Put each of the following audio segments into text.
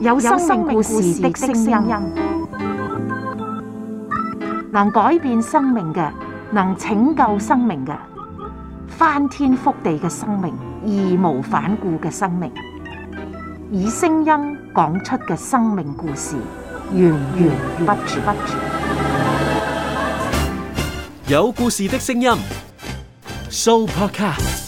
有生命故事的聲音，能改變生命嘅，能拯救生命嘅，翻天覆地嘅生命，義無反顧嘅生命，以聲音講出嘅生命故事，源源不絕。有故事的聲音，Soupercast。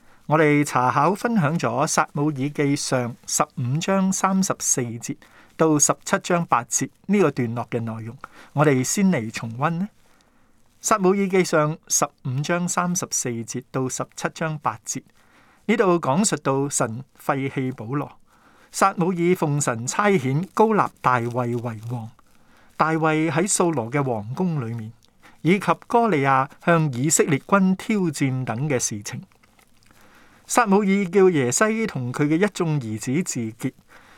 我哋查考分享咗《撒母耳記上》十五章三十四節到十七章八節呢個段落嘅內容，我哋先嚟重溫呢。《撒母耳記上》十五章三十四節到十七章八節呢度講述到神廢棄保羅，撒母耳奉神差遣高立大衛為王，大衛喺掃羅嘅皇宮裏面，以及哥利亞向以色列軍挑戰等嘅事情。撒母耳叫耶西同佢嘅一眾兒子自潔，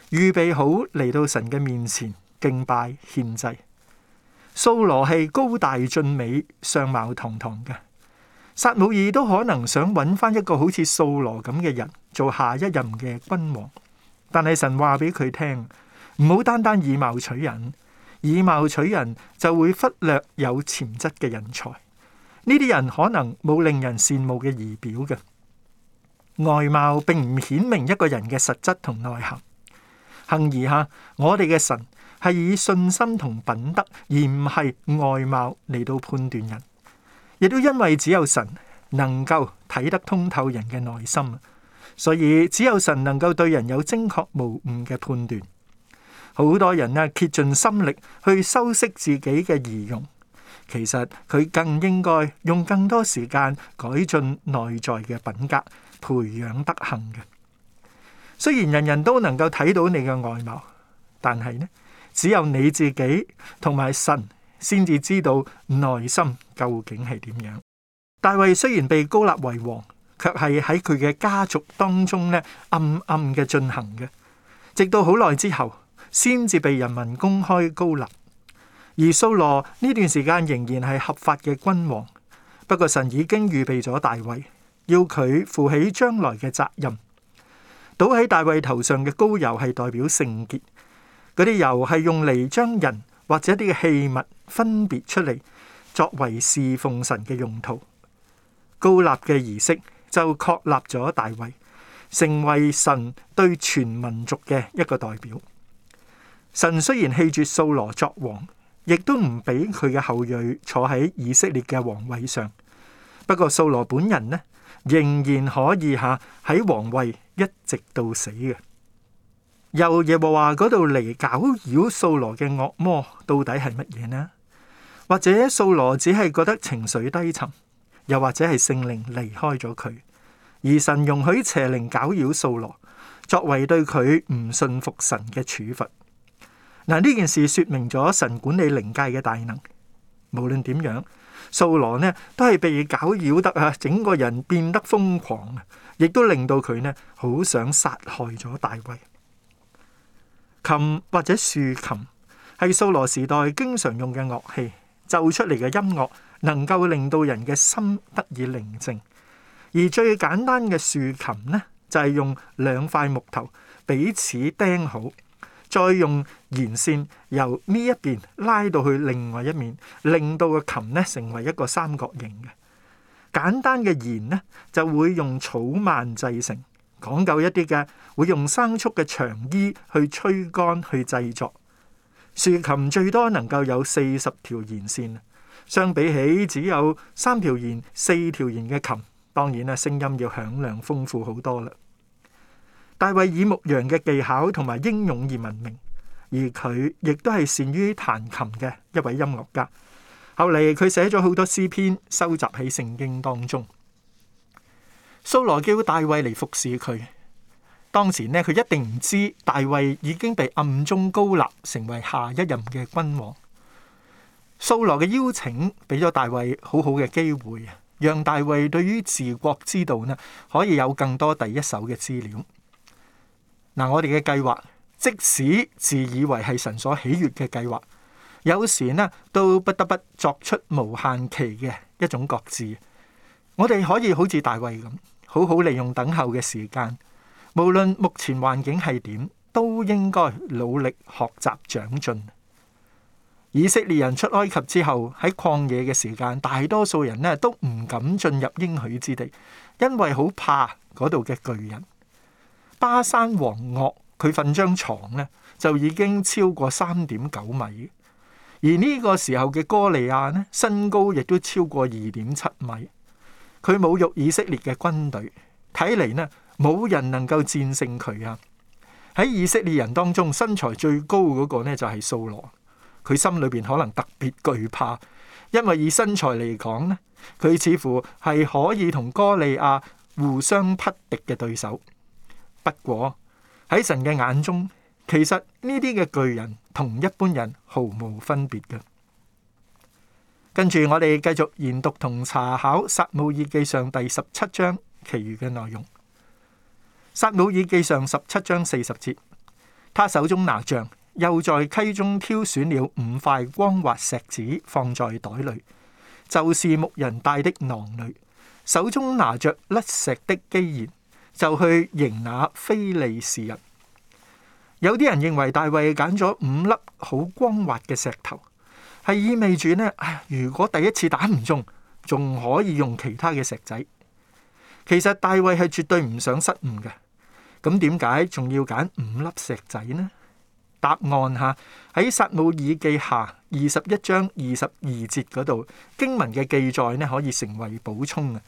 預備好嚟到神嘅面前敬拜獻祭。掃羅係高大俊美、相貌堂堂嘅，撒母耳都可能想揾翻一個好似掃羅咁嘅人做下一任嘅君王。但係神話俾佢聽，唔好單單以貌取人，以貌取人就會忽略有潛質嘅人才。呢啲人可能冇令人羨慕嘅儀表嘅。外貌並唔顯明一個人嘅實質同內涵，幸而下，我哋嘅神係以信心同品德，而唔係外貌嚟到判斷人。亦都因為只有神能夠睇得通透人嘅內心，所以只有神能夠對人有精確無誤嘅判斷。好多人啊，竭盡心力去修飾自己嘅儀容，其實佢更應該用更多時間改進內在嘅品格。培養德行嘅，雖然人人都能夠睇到你嘅外貌，但係呢，只有你自己同埋神先至知道內心究竟係點樣。大衛雖然被膏立為王，卻係喺佢嘅家族當中呢，暗暗嘅進行嘅，直到好耐之後先至被人民公開膏立。而掃羅呢段時間仍然係合法嘅君王，不過神已經預備咗大衛。要佢負起將來嘅責任。倒喺大衛頭上嘅膏油係代表聖潔，嗰啲油係用嚟將人或者一啲嘅器物分別出嚟，作為侍奉神嘅用途。膏立嘅儀式就確立咗大衛成為神對全民族嘅一個代表。神雖然棄絕掃羅作王，亦都唔俾佢嘅後裔坐喺以色列嘅王位上，不過掃羅本人呢？仍然可以吓喺皇位一直到死嘅。由耶和華嗰度嚟，搞擾掃羅嘅惡魔到底係乜嘢呢？或者掃羅只係覺得情緒低沉，又或者係聖靈離開咗佢，而神容許邪靈搞擾掃羅，作為對佢唔信服神嘅處罰。嗱，呢件事說明咗神管理靈界嘅大能，無論點樣。素羅呢，都係被攪擾得啊，整個人變得瘋狂啊，亦都令到佢呢好想殺害咗大衛。琴或者豎琴係素羅時代經常用嘅樂器，奏出嚟嘅音樂能夠令到人嘅心得以寧靜。而最簡單嘅豎琴呢，就係用兩塊木頭彼此釘好，再用弦線由呢一邊拉到去另外一面，令到個琴咧成為一個三角形嘅。簡單嘅弦咧就會用草蔓製成，講究一啲嘅會用牲畜嘅腸衣去吹乾去製作。豎琴最多能夠有四十條弦線，相比起只有三條弦、四條弦嘅琴，當然啊聲音要響亮豐富好多啦。大衛以牧羊嘅技巧同埋英勇而聞名，而佢亦都係善於彈琴嘅一位音樂家。後嚟佢寫咗好多詩篇，收集喺聖經當中。掃羅叫大衛嚟服侍佢，當時呢佢一定唔知大衛已經被暗中膏立成為下一任嘅君王。掃羅嘅邀請俾咗大衛好好嘅機會，讓大衛對於治國之道呢可以有更多第一手嘅資料。嗱，我哋嘅計劃，即使自以為係神所喜悅嘅計劃，有時呢都不得不作出無限期嘅一種擱置。我哋可以好似大衛咁，好好利用等候嘅時間。無論目前環境係點，都應該努力學習長進。以色列人出埃及之後，喺曠野嘅時間，大多數人呢都唔敢進入應許之地，因為好怕嗰度嘅巨人。巴珊王噩，佢瞓張床咧就已經超過三點九米，而呢個時候嘅哥利亞呢，身高亦都超過二點七米。佢侮辱以色列嘅軍隊，睇嚟呢，冇人能夠戰勝佢啊！喺以色列人當中身材最高嗰個呢，就係掃羅，佢心裏邊可能特別懼怕，因為以身材嚟講呢，佢似乎係可以同哥利亞互相匹敵嘅對手。不過喺神嘅眼中，其實呢啲嘅巨人同一般人毫無分別嘅。跟住我哋繼續研讀同查考《撒母耳記上》第十七章其餘嘅內容。《撒母耳記上》十七章四十節，他手中拿杖，又在溪中挑選了五塊光滑石子，放在袋裏，就是牧人帶的囊裏，手中拿着甩石的機弦。就去迎那非利士人。有啲人認為大衛揀咗五粒好光滑嘅石頭，係意味住呢，唉，如果第一次打唔中，仲可以用其他嘅石仔。其實大衛係絕對唔想失誤嘅。咁點解仲要揀五粒石仔呢？答案吓喺撒母耳記下二十一章二十二節嗰度經文嘅記載呢，可以成為補充嘅。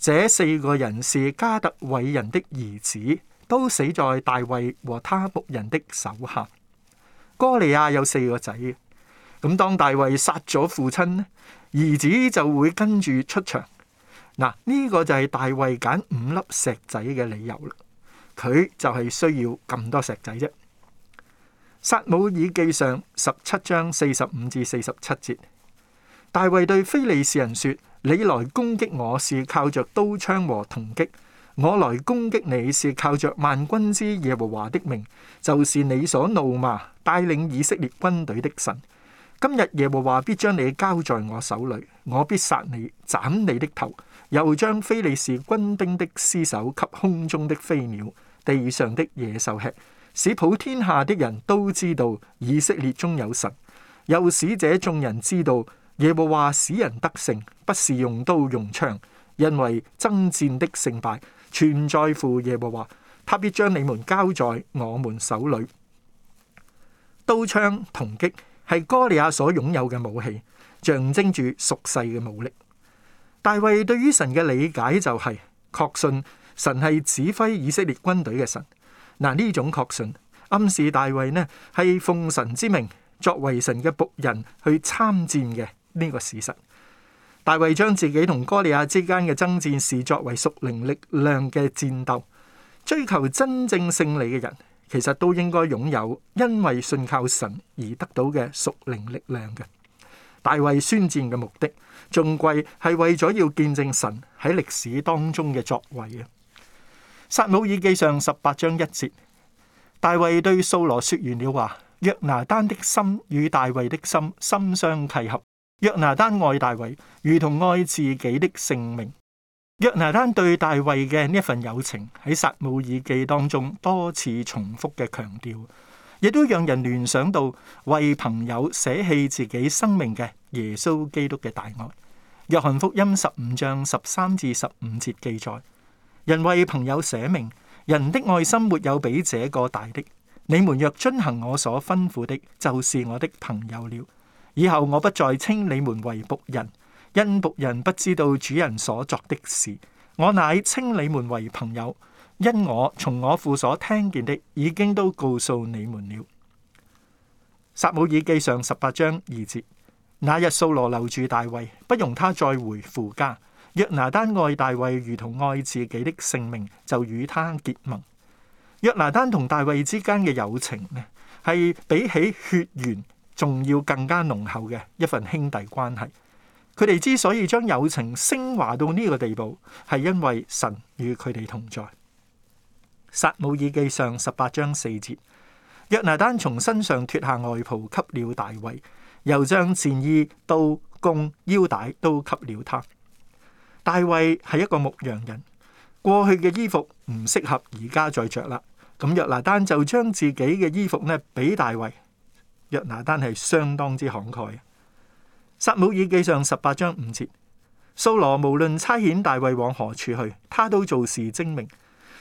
這四個人是加特偉人的兒子，都死在大衛和他僕人的手下。哥利亞有四個仔，咁當大衛殺咗父親咧，兒子就會跟住出場。嗱，呢個就係大衛揀五粒石仔嘅理由。佢就係需要咁多石仔啫。撒母耳記上十七章四十五至四十七節，大衛對非利士人說。你來攻擊我是靠着刀槍和銅戟，我來攻擊你是靠着萬軍之耶和華的名，就是你所怒罵帶領以色列軍隊的神。今日耶和華必將你交在我手裏，我必殺你，斬你的頭，又將非利士軍兵的屍首給空中的飛鳥、地上的野獸吃，使普天下的人都知道以色列中有神，又使這眾人知道。耶和華使人得勝，不是用刀用槍，因為爭戰的勝敗全在乎耶和華，他必將你們交在我們手裏。刀槍銅戟係哥利亞所擁有嘅武器，象徵住屬世嘅武力。大衛對於神嘅理解就係、是、確信神係指揮以色列軍隊嘅神。嗱，呢種確信暗示大衛呢係奉神之名，作為神嘅僕人去參戰嘅。呢個事實，大衛將自己同哥利亞之間嘅爭戰視作為屬靈力量嘅戰鬥，追求真正勝利嘅人其實都應該擁有因為信靠神而得到嘅屬靈力量嘅。大衛宣戰嘅目的，仲貴係為咗要見證神喺歷史當中嘅作為嘅。撒母耳記上十八章一節，大衛對掃羅說完了話，約拿單的心與大衛的心心相契合。約拿單愛大衛如同愛自己的性命。約拿單對大衛嘅呢份友情喺撒母耳記當中多次重複嘅強調，亦都讓人聯想到為朋友捨棄自己生命嘅耶穌基督嘅大愛。約翰福音十五章十三至十五節記載：人為朋友捨命，人的愛心沒有比這個大的。你們若遵行我所吩咐的，就是我的朋友了。以後我不再稱你們為僕人，因僕人不知道主人所作的事；我乃稱你們為朋友，因我從我父所聽見的，已經都告訴你們了。撒母耳記上十八章二節：那日掃羅留住大衛，不容他再回父家。約拿單愛大衛如同愛自己的性命，就與他結盟。約拿單同大衛之間嘅友情呢，係比起血緣。仲要更加濃厚嘅一份兄弟關係，佢哋之所以將友情升華到呢個地步，係因為神與佢哋同在。撒母耳記上十八章四節，約拿單從身上脫下外袍給了大衛，又將戰衣、刀、弓、腰帶都給了他。大衛係一個牧羊人，過去嘅衣服唔適合而家再着啦，咁約拿單就將自己嘅衣服咧俾大衛。約拿丹係相當之慷慨。撒母耳記上十八章五節：掃羅無論差遣大衛往何處去，他都做事精明。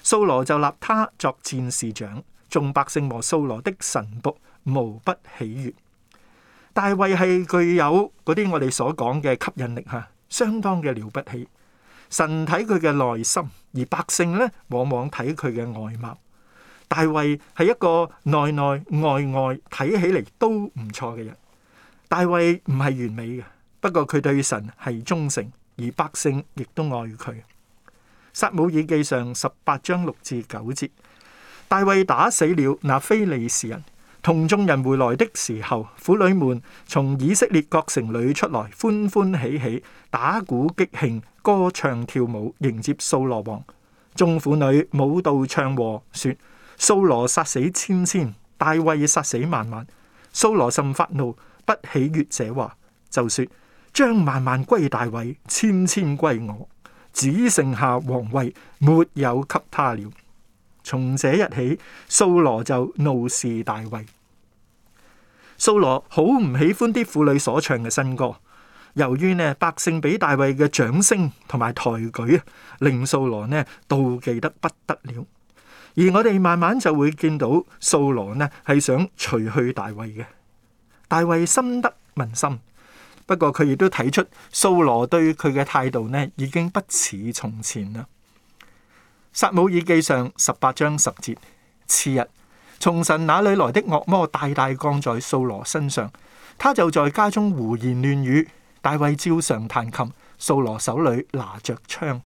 掃羅就立他作戰士長，眾百姓和掃羅的神僕無不喜悅。大衛係具有嗰啲我哋所講嘅吸引力吓，相當嘅了不起。神睇佢嘅內心，而百姓呢往往睇佢嘅外貌。大衛係一個內內外外睇起嚟都唔錯嘅人。大衛唔係完美嘅，不過佢對神係忠誠，而百姓亦都愛佢。撒姆耳記上十八章六至九節，大衛打死了那非利士人，同眾人回來的時候，婦女們從以色列各城裏出來，歡歡喜喜打鼓擊磬，歌唱跳舞迎接掃羅王。眾婦女舞蹈唱和說。掃羅殺死千千，大衛殺死萬萬。掃羅甚發怒，不喜悅這話，就說將萬萬歸大衛，千千歸我，只剩下王位沒有給他了。從這日起，掃羅就怒視大衛。掃羅好唔喜歡啲婦女所唱嘅新歌，由於呢百姓俾大衛嘅掌聲同埋抬舉，令掃羅呢妒忌得不得了。而我哋慢慢就會見到掃羅呢，係想除去大衛嘅。大衛深得民心，不過佢亦都睇出掃羅對佢嘅態度呢，已經不似從前啦。撒母耳記上十八章十節：，次日，從神那裏來的惡魔大大降在掃羅身上，他就在家中胡言亂語。大衛照常彈琴，掃羅手裏拿着槍。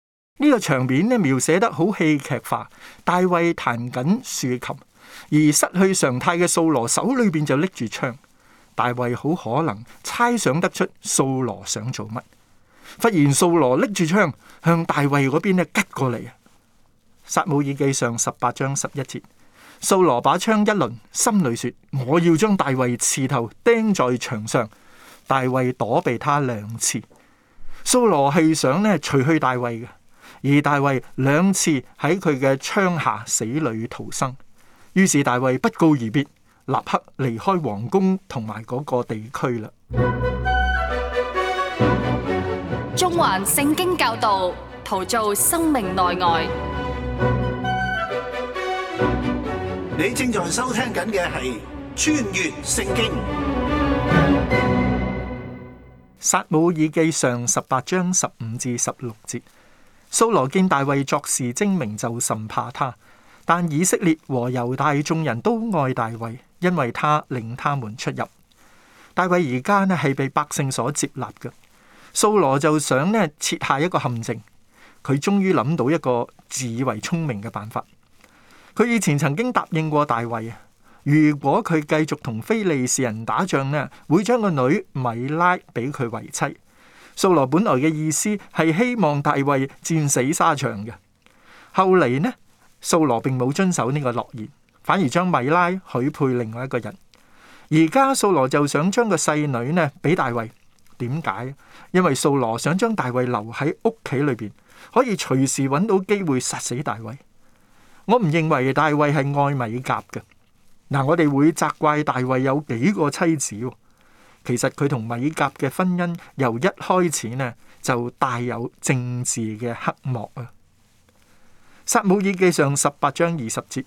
呢個場面咧，描寫得好戲劇化，大衛彈緊豎琴，而失去常態嘅掃羅手裏邊就拎住槍。大衛好可能猜想得出掃羅想做乜，忽然掃羅拎住槍向大衛嗰邊咧吉過嚟。撒母耳記上十八章十一節，掃羅把槍一掄，心裏說：我要將大衛刺頭釘在牆上。大衛躲避他兩次，掃羅係想咧除去大衛嘅。而大衛兩次喺佢嘅槍下死裏逃生，於是大衛不告而別，立刻離開皇宮同埋嗰個地區啦。中環聖經教導，陶造生命內外。你正在收聽緊嘅係《穿越聖經》。撒母耳記上十八章十五至十六節。掃羅見大衛作事精明，就甚怕他。但以色列和猶大眾人都愛大衛，因為他令他們出入。大衛而家呢係被百姓所接納嘅。掃羅就想呢設下一個陷阱，佢終於諗到一個自以為聰明嘅辦法。佢以前曾經答應過大衛啊，如果佢繼續同非利士人打仗呢，會將個女米拉俾佢為妻。掃羅本來嘅意思係希望大衛戰死沙場嘅，後嚟呢，掃羅並冇遵守呢個諾言，反而將米拉許配另外一個人，而家掃羅就想將個細女呢俾大衛，點解？因為掃羅想將大衛留喺屋企裏邊，可以隨時揾到機會殺死大衛。我唔認為大衛係愛米甲嘅，嗱，啊，我哋會責怪大衛有幾個妻子，哦。其實佢同米甲嘅婚姻由一開始呢，就帶有政治嘅黑幕啊。撒母耳記上十八章二十節，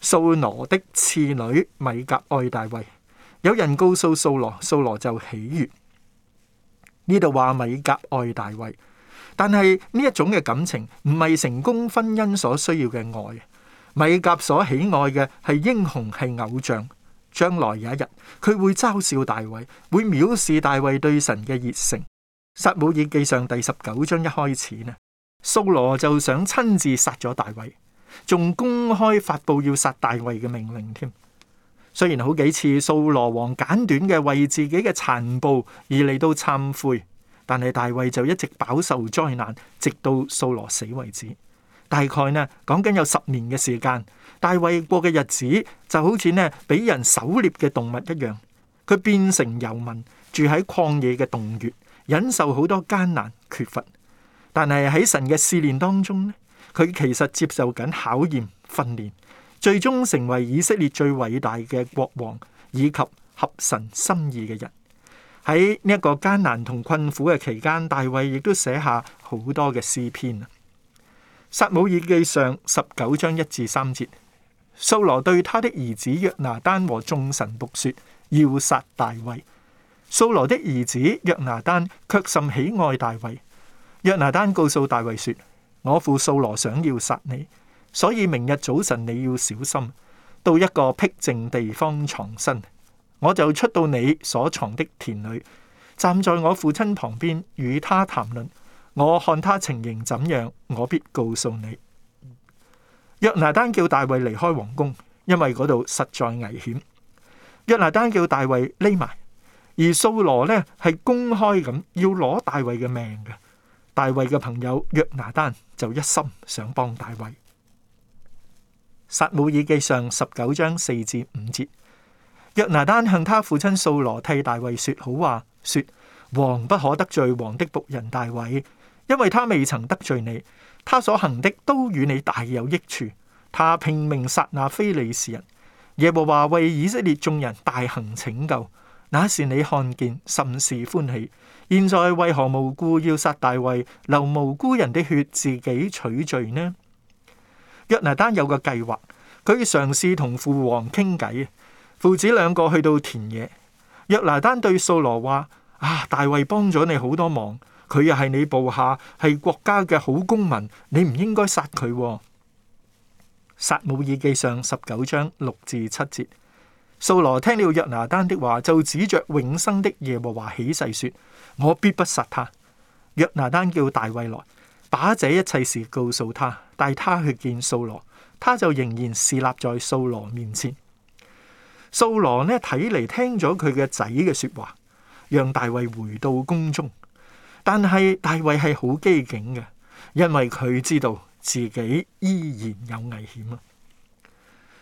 掃羅的次女米甲愛大衛，有人告訴掃羅，掃羅就喜悦。呢度話米甲愛大衛，但係呢一種嘅感情唔係成功婚姻所需要嘅愛。米甲所喜愛嘅係英雄，係偶像。將來有一日，佢會嘲笑大衛，會藐視大衛對神嘅熱誠。撒母耳記上第十九章一開始呢，掃羅就想親自殺咗大衛，仲公開發佈要殺大衛嘅命令添。雖然好幾次掃羅王簡短嘅為自己嘅殘暴而嚟到懺悔，但係大衛就一直飽受災難，直到掃羅死為止。大概呢，講緊有十年嘅時間。大衛過嘅日子就好似呢，俾人狩獵嘅動物一樣，佢變成游民住喺曠野嘅洞穴，忍受好多艱難缺乏。但係喺神嘅試煉當中呢，佢其實接受緊考驗訓練，最終成為以色列最偉大嘅國王以及合神心意嘅人。喺呢一個艱難同困苦嘅期間，大衛亦都寫下好多嘅詩篇啊。撒母耳記上十九章一至三節。掃羅對他的兒子約拿單和眾臣僕說：要殺大衛。掃羅的兒子約拿單卻甚喜愛大衛。約拿單告訴大衛說：我父掃羅想要殺你，所以明日早晨你要小心，到一個僻靜地方藏身。我就出到你所藏的田裏，站在我父親旁邊與他談論。我看他情形怎樣，我必告訴你。約拿單叫大衛離開皇宮，因為嗰度實在危險。約拿單叫大衛匿埋，而掃羅呢係公開咁要攞大衛嘅命嘅。大衛嘅朋友約拿單就一心想幫大衛。撒母耳記上十九章四至五節，約拿單向他父親掃羅替大衛說好話，說王不可得罪王的僕人大衛，因為他未曾得罪你。他所行的都與你大有益處，他拼命殺那非利士人，耶和華為以色列眾人大行拯救，那時你看見，甚是歡喜。現在為何無故要殺大衛，流無辜人的血，自己取罪呢？約拿單有個計劃，佢嘗試同父王傾偈。父子兩個去到田野，約拿單對掃羅話：啊，大衛幫咗你好多忙。佢又係你部下，係國家嘅好公民，你唔應該殺佢。哦。撒母耳記上十九章六至七節，掃羅聽了約拿丹的話，就指着永生的耶和華起誓說：我必不殺他。約拿丹叫大衛來，把這一切事告訴他，帶他去見掃羅，他就仍然侍立在掃羅面前。掃羅呢睇嚟聽咗佢嘅仔嘅說話，讓大衛回到宮中。但係大衛係好機警嘅，因為佢知道自己依然有危險啊。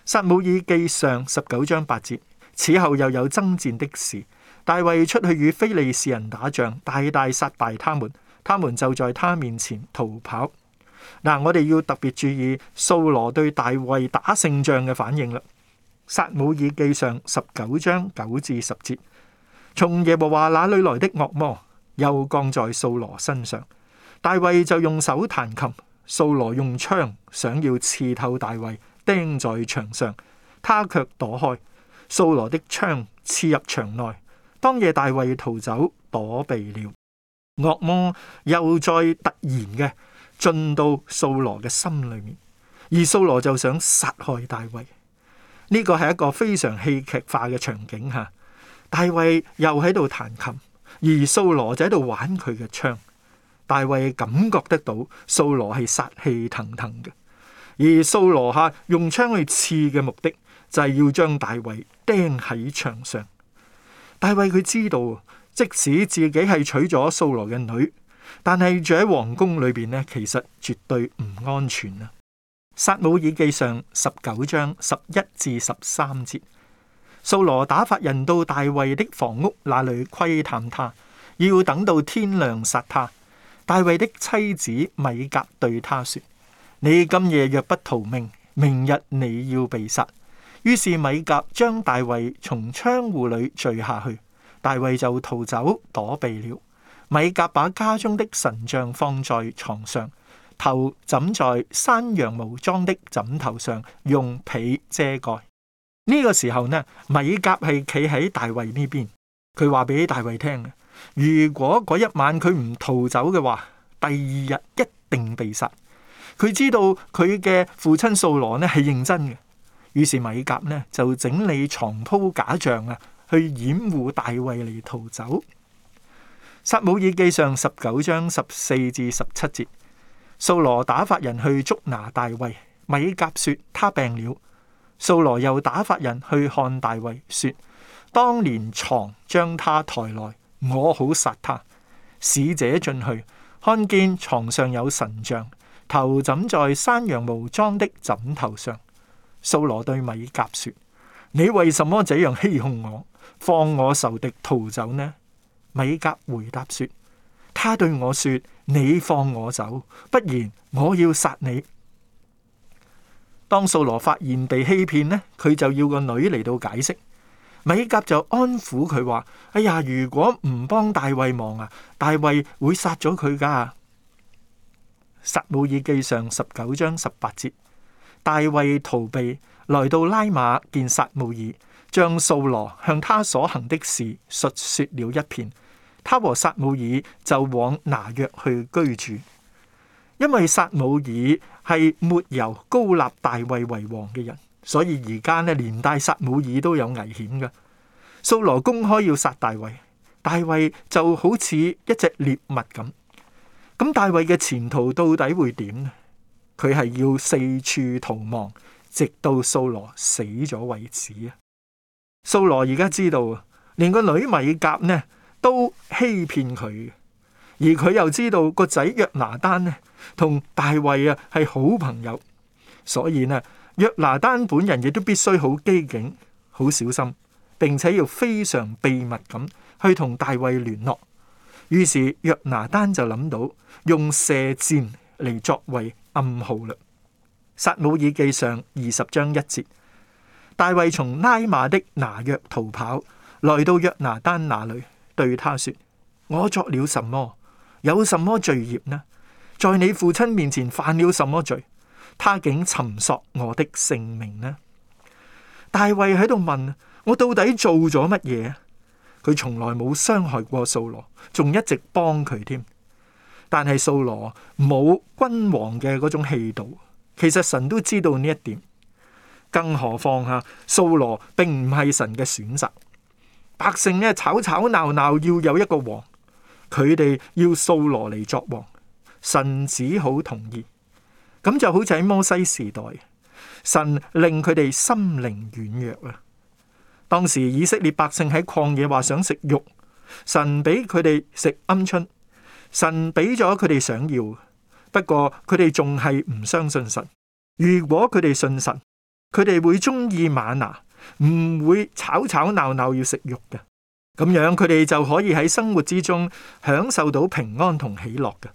撒母耳記上十九章八節，此後又有爭戰的事。大衛出去與菲利士人打仗，大大殺敗他們，他們就在他面前逃跑。嗱，我哋要特別注意掃羅對大衛打勝仗嘅反應啦。撒母耳記上十九章九至十節，從耶和華那裏來的惡魔。又降在掃羅身上，大衛就用手彈琴，掃羅用槍想要刺透大衛，釘在牆上，他卻躲開，掃羅的槍刺入牆內。當夜大衛逃走，躲避了。惡魔又再突然嘅進到掃羅嘅心裏面，而掃羅就想殺害大衛。呢、這個係一個非常戲劇化嘅場景吓，大衛又喺度彈琴。而掃羅就喺度玩佢嘅槍，大衛感覺得到掃羅係殺氣騰騰嘅。而掃羅下用槍去刺嘅目的就係要將大衛釘喺牆上。大衛佢知道，即使自己係娶咗掃羅嘅女，但係住喺皇宮裏邊呢，其實絕對唔安全啊！撒母耳記上十九章十一至十三節。掃羅打發人到大衛的房屋那裏窺探他，要等到天亮殺他。大衛的妻子米甲對他說：你今夜若不逃命，明日你要被殺。於是米甲將大衛從窗戶裏墜下去，大衛就逃走躲避了。米甲把家中的神像放在床上，頭枕在山羊毛裝的枕頭上，用被遮蓋。呢個時候呢，米甲係企喺大衛呢邊，佢話俾大衛聽：，如果嗰一晚佢唔逃走嘅話，第二日一定被殺。佢知道佢嘅父親掃羅呢係認真嘅，於是米甲呢就整理床鋪假象啊，去掩護大衛嚟逃走。撒母耳記上十九章十四至十七節，掃羅打發人去捉拿大衛，米甲說他病了。掃羅又打發人去看大衛，說：當年床將他抬來，我好殺他。使者進去，看見床上有神像，頭枕在山羊毛裝的枕頭上。掃羅對米甲說：你為什麼這樣欺哄我，放我仇敵逃走呢？米甲回答說：他對我說：你放我走，不然我要殺你。當掃羅發現被欺騙呢，佢就要個女嚟到解釋。米甲就安撫佢話：「哎呀，如果唔幫大衛忙啊，大衛會殺咗佢噶。撒母耳記上十九章十八節，大衛逃避來到拉馬見薩姆爾，見撒母耳，將掃羅向他所行的事述說了一遍。他和撒母耳就往拿約去居住，因為撒母耳。係沒由高立大衛為王嘅人，所以而家呢連帶撒母耳都有危險㗎。掃羅公開要殺大衛，大衛就好似一隻獵物咁。咁大衛嘅前途到底會點呢？佢係要四處逃亡，直到掃羅死咗為止啊！掃羅而家知道，連個女米甲呢都欺騙佢，而佢又知道個仔約拿單。呢？同大衛啊，係好朋友，所以呢，約拿單本人亦都必須好機警、好小心，並且要非常秘密咁去同大衛聯絡。於是約拿單就諗到用射箭嚟作為暗號嘞。撒母耳記上二十章一節，大衛從拉馬的拿約逃跑，來到約拿單那裏，對他說：我作了什麼？有什麼罪孽呢？在你父親面前犯了什麼罪？他竟尋索我的性命呢？大衛喺度問我到底做咗乜嘢？佢從來冇傷害過掃羅，仲一直幫佢添。但係掃羅冇君王嘅嗰種氣度，其實神都知道呢一點。更何況吓，掃羅並唔係神嘅選擇。百姓呢，吵吵鬧鬧要有一個王，佢哋要掃羅嚟作王。神只好同意，咁就好似喺摩西時代，神令佢哋心靈軟弱啦。當時以色列百姓喺曠野話想食肉，神俾佢哋食鵪鶉，神俾咗佢哋想要，不過佢哋仲係唔相信神。如果佢哋信神，佢哋會中意瑪拿，唔會吵吵鬧鬧要食肉嘅。咁樣佢哋就可以喺生活之中享受到平安同喜樂嘅。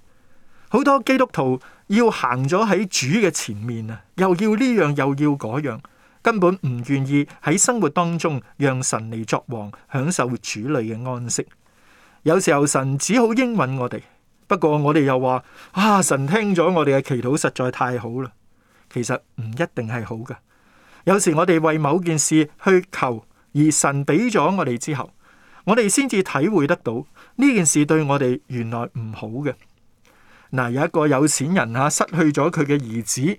好多基督徒要行咗喺主嘅前面啊，又要呢樣又要嗰樣，根本唔願意喺生活當中讓神嚟作王享受主類嘅安息。有時候神只好應允我哋，不過我哋又話啊，神聽咗我哋嘅祈禱實在太好啦。其實唔一定係好嘅，有時我哋為某件事去求，而神俾咗我哋之後，我哋先至體會得到呢件事對我哋原來唔好嘅。嗱，有一個有錢人啊，失去咗佢嘅兒子。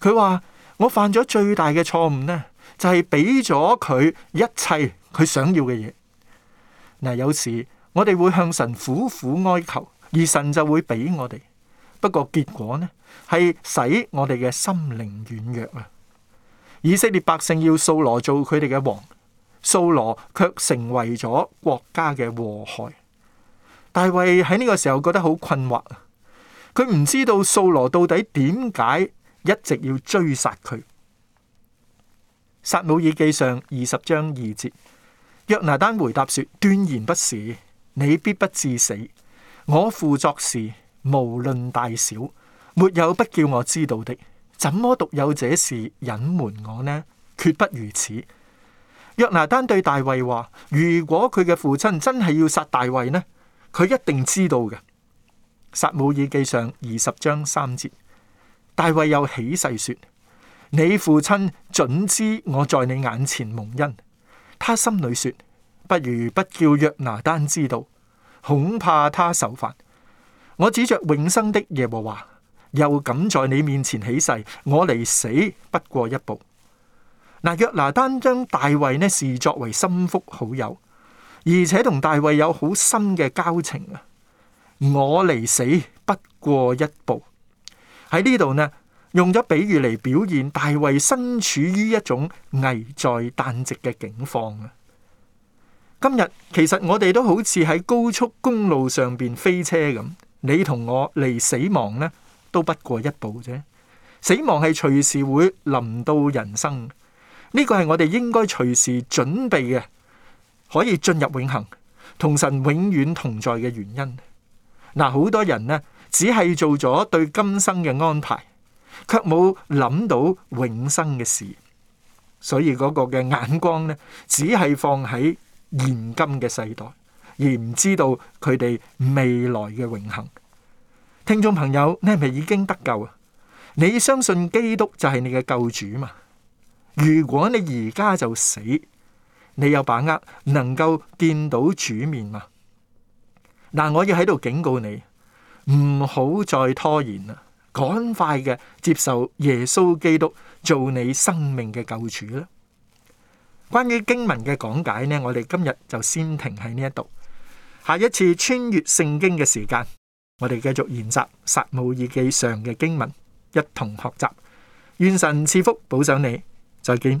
佢話我犯咗最大嘅錯誤呢，就係俾咗佢一切佢想要嘅嘢。嗱，有時我哋會向神苦苦哀求，而神就會俾我哋。不過結果呢，係使我哋嘅心靈軟弱啊。以色列百姓要掃羅做佢哋嘅王，掃羅卻成為咗國家嘅禍害。大衛喺呢個時候覺得好困惑。佢唔知道掃羅到底點解一直要追殺佢。撒母耳記上二十章二節，約拿單回答說：斷然不是，你必不致死。我父作事無論大小，沒有不叫我知道的。怎麼獨有這事隱瞞我呢？決不如此。約拿單對大衛話：如果佢嘅父親真係要殺大衛呢，佢一定知道嘅。撒母耳記上二十章三節，大衛又起誓說：你父親準知我在你眼前蒙恩，他心裏說：不如不叫約拿單知道，恐怕他受罰。我指着永生的耶和華，又敢在你面前起誓，我離死不過一步。嗱，約拿單將大衛呢視作為心腹好友，而且同大衛有好深嘅交情啊！我離死不過一步，喺呢度呢，用咗比喻嚟表現大衛身處於一種危在旦夕嘅境況啊。今日其實我哋都好似喺高速公路上面飛車咁，你同我離死亡呢都不過一步啫。死亡係隨時會臨到人生，呢個係我哋應該隨時準備嘅，可以進入永恆，同神永遠同在嘅原因。嗱，好多人呢，只係做咗對今生嘅安排，卻冇諗到永生嘅事，所以嗰個嘅眼光呢，只係放喺現今嘅世代，而唔知道佢哋未來嘅永恆。聽眾朋友，你係咪已經得救啊？你相信基督就係你嘅救主嘛？如果你而家就死，你有把握能夠見到主面嗎？嗱，我要喺度警告你，唔好再拖延啦，趕快嘅接受耶穌基督做你生命嘅救主啦。關於經文嘅講解呢，我哋今日就先停喺呢一度。下一次穿越聖經嘅時間，我哋繼續研習撒母耳記上嘅經文，一同學習。願神賜福、保守你。再見。